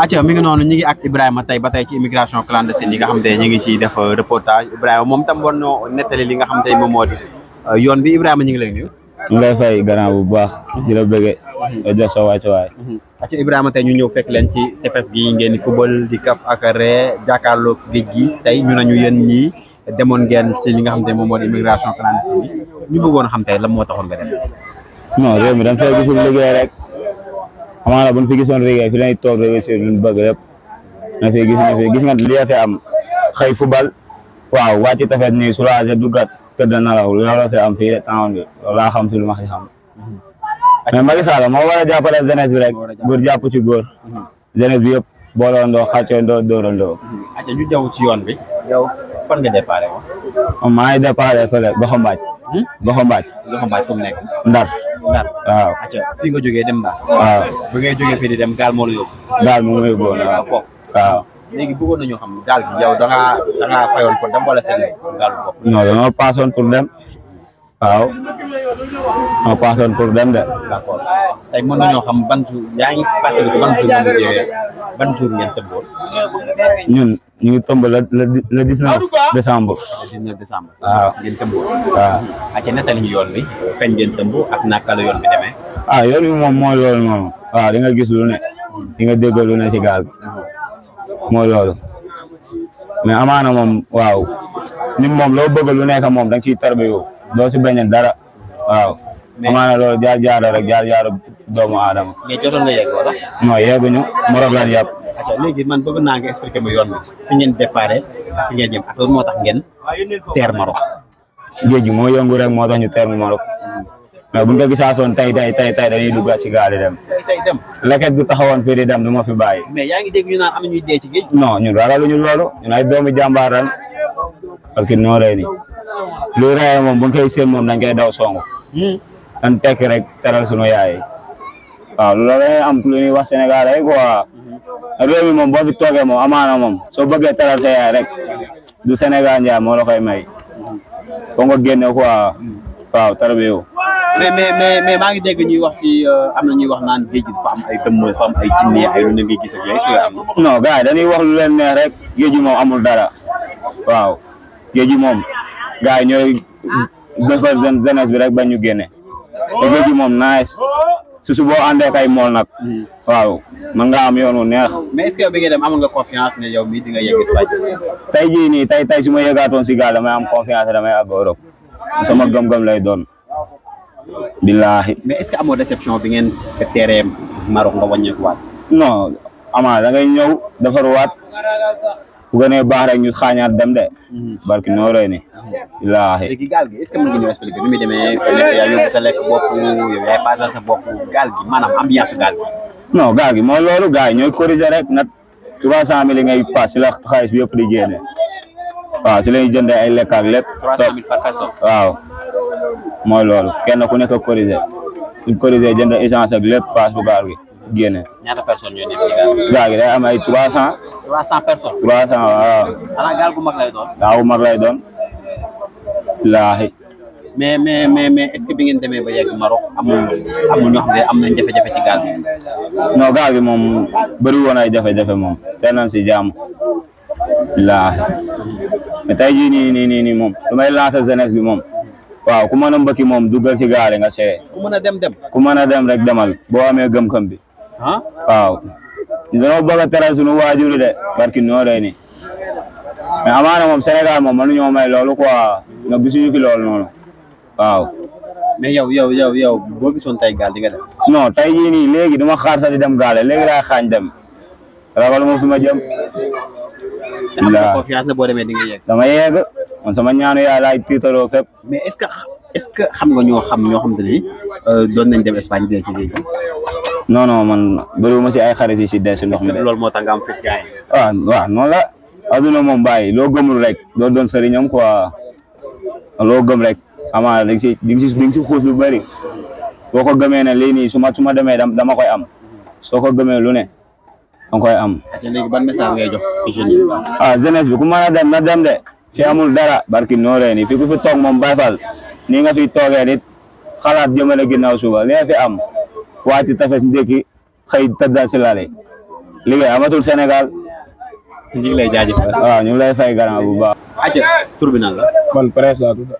acca mi ngi noonu ñi ngi ak Ibrahima tey ba tey ci immigration clandestine ñu ngi ciy def euh, reportage Ibrahima moom tam war noo nettali li nga xam te moom moo euh, yoon bi Ibrahima ñu ngi lay nuyu bu baax la bëggee mhm. jox sa waay waay acca tey ñu ñëw fekk leen ci tefes gi ngeen di football di kaf ak ree jàkkaarloo géej gi tey ñu nañu yéen ñii demoon ngeen ci nga xam te moom moo di immigration clandestine ñu bëggoon xam tey lan moo taxoon nga dem non réew mi dañ fay gisul liggéey rek bu buñ fi gisoon rek fi lañuy toog réussir luñ bëgg lépp na fi gis na fi gis nga li fi am xëy football waaw wàcc tafet nii soulagé duggaat tëdd nalaw loolu fi am fii rek temps bi loolu xam si lu ma si xam mais Macky Sall moo war a jàppale jeunesse bi rek góor jàpp ci góor jeunesse bi yëpp booloondoo xàccoondoo dóorandoo acca ñu jaww ci yoon bi yow fan nga déparé woon maa hmm? fu mu nekk Ndar daal waaw acca fii nga jógee dem daal waaw ba ngay jógee di dem gaal moo la yóbbu gaal moo ma yóbbu waaw foofu waaw léegi bëggoon nañoo xam gaal gi yow da ngaa da ngaa fayoon pour dem wala seen gaal bopp non dañoo paasoon pour dem waaw dañoo paasoon pour dem de d'accord tey mën nañoo xam ban jour yaa ngi fàttaliku ban jour ban jour ngeen tëbboon ñun ñu ngi tomb la le le dix neuf décembre. le dix neuf décembre. waaw ah. ngeen tëmb. Ah. Ah, moom loolu moom waaw di gis lu ne di nga dégg lu ne si gaal bi loolu mais amaana moom waaw ni moom loo bëgg lu nekk moom da nga ciy tarbe yow doo si bañ dara waaw. amaana loolu jaar jaara jaar doomu aadama. mais jotoon nga lan yàpp. acca léegi man bëgg naa nga expliquer ma yoon bi fi ngeen déparé ak fi ak lan moo tax ngeen teer Maroc géej gi moo yëngu rek moo tax ñu teer Maroc ma bu ko gisaasoon tey tey tey tey dañuy dugg ci gaal di dem tey dem leket bu taxawoon fii di dem du ma fi bàyyi mais yaa ngi dégg ñu naan am ñuy dee ci géej non ñun ragaluñu loolu ñun ay doomu jàmbaar lan parce noo rey ni lu rey moom buñ koy seen moom dañ koy daw songu hmm. dan tekk rek teral sunu yaay waaw loolu la am réew mi moom boo fi toogee moom amaana moom soo bëggee teral sa yaay rek du Sénégal njaay moo la koy may foo nga génne quoi waaw tarbiyu mais mais mais mais maa ngi dégg ñuy wax ci euh, am na ñuy wax naan géej gi dafa am ay tëmm am ay jinne ay lu ne ngay gis ak yooyu su am non leen rek géej gi amul dara waaw géej gi moom gars yi ñooy defar jeunesse bi rek bañ ñu génne te géej gi su boo àndee kay mool nag. Hmm. waaw mën nga am yoonu neex. mais est ce que nga dem ne yow mii di nga yegg si wàcc. tey jii nii tey tey su si gaal damay am confiance damay àgg Europe sama gëm-gëm lay doon. billahi mais est ce que amoo déception bi ngeen teree Maroc nga wàññeekuwaat. non ama da ngay ñëw bu gënee baax rek ñu xaañaat dem de. Mhm. barki noo rëy ni. wallaahi mhm. léegi gaal gi est-ce sa lekk bopp yow yaay gaal gi maanaam ambiance gaal gi. non rek nag trois cent mille ngay pass si la xaalis bi yëpp di génne waaw si lañuy jëndee ay lekk ak lépp. trois cent par personne waaw. mooy loolu kenn ku nekk corriger suñ corriger jënd essence ak lépp pass bu gaal gi. génne. ñaata personnes ñoo nekk ci ay trois cent. trois cent personnes. trois cent waaw. xanaa gaal gu lay doon. laahi. mais mais mais mais est-ce que bi ngeen demee ba yegg Maroc am nañ jafe-jafe ci gaal gi. non gaal gi moom bëri woon ay jafe-jafe moom tey nañ si jaamu. laahi. mais tey jii nii nii nii nii moom lu may lancer jeunesse bi moom. waaw ku mën a mbëkki moom duggal ci a dem rek demal boo amee gëm ah waaw dañoo bëgg a sunu suñu waajur de barki noo day ni mais amaana moom Sénégal moom mënuñoo may loolu quoi nga gisuñu fi loolu noonu waaw. mais yow yow yow yow boo gisoon tey gaal di dem. non tey jii nii léegi duma xaar sax di dem gaale léegi laa xaañ dem ragal ma fi ma jëm. alhamdulilah confiance na boo demee di nga yegg. dama yegg man sama ñaanu yaay laay tiitaroo fépp. mais est-ce que est-ce que xam nga ñoo xam ñoo xam te ni euh, doon nañ dem Espagne dee ci géej gi. non non man ma si ay xarit yi si dee ndox mi de. loolu moo tax nga am fit gaay. Ah, waaw waaw noonu la adduna moom bàyyi loo gëmul rek doo doon sëriñam quoi loo gëm rek amaana da nga si di nga xuus lu bëri boo ko gëmee ne lii nii su ma su ma demee dama koy am soo ko gëmee lu ne danga koy am. léegi ban message ngay jox jeunes ah, ku mën a dem na dem de fi amul dara barki nooree nii fi ku fi toog moom Baay Faal nii nga fi toogee nit xalaat jëmale ginnaaw suba li nga fi am. wàcc tafes ndékki xëy tëdda si lale liggéey amatul Sénégal. ñu ngi lay jaajëfal. waaw ñu ngi lay fay garant bu baax. acca tur la. man presse laa tudd.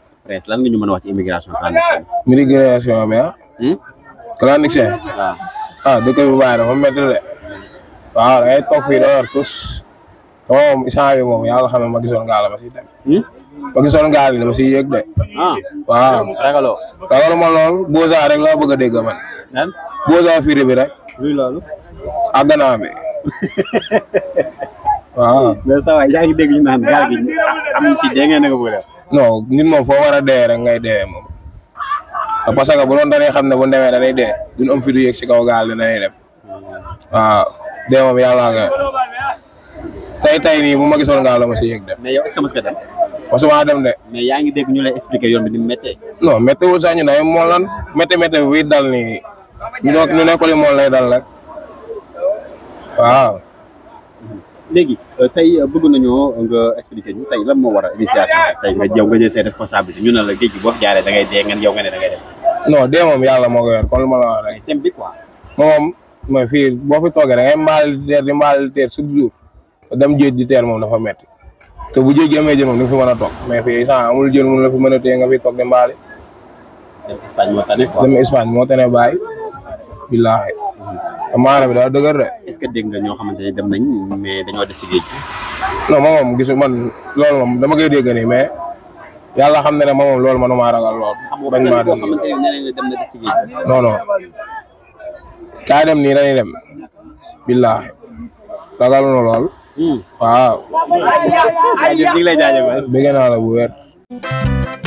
ñu mën a wax ci immigration clandestine. immigration bi ah. Hmm? waaw ah dëkk bu baax dafa de. waaw da ngay toog fii doo moom isaan bi moom yaa nga xam ne ma gisoon gaal la ma siy dem. Hmm? de. ah waaw ragaloo. ragaluma lool boo rek laa bëgg a dégg man. boosaafiri bi rek. luy loolu. àgganaa bi. waaw. mais sa waay yaa ngi dégg ñu naan gaal si dee ngeen nit moom foo war a dee rek ngay dee moom. Ah, parce que bu doon dañuy xam ne bu ndemee dañuy dee duñ am fi du yëg si kaw gaal dinañ dem waaw dee moom yàlla nga ma gisoon gaal la si yëg dem. mais yow yaa ngi dégg ñu lay expliquer yoon bi ni mu méttee. non méttewul sax ñu ne moom lan métte dal nii. donc ñu nekkul moom lay dal nag waaw. léegi euh, tey euh, bëgg nañoo nga expliquer ñu tey lan moo war a initiative tey nga jëw nga jël ses responsabilités ñu ne la géej gi boo da ngay dee ngeen yow nga moom yàlla moo ko yor boo fi toogee da ngay mbaal di teer di mbaal di teer chaque jour dem géej di teer moom dafa metti te bu géej gi amee jën moom du fi mën a toog mais fii sax amul jën mun la fi mën a téye nga fi toog di mbaali. dem Espagne moo tane quoi moo tane billaahi te maara bi daa dëgër de. est que dégg nga ñoo xamante ne dem nañ mais dañoo des si géej gi. non moom gisu man loolu moom dama koy dégg mais yàlla xam na ne moom loolu manuma ragal lool. bañ maa dégg xam nga ne ne dem na des si géej gi. non non daa dem nii ragal na lool. Hmm. waaw. jaajëf ñu ngi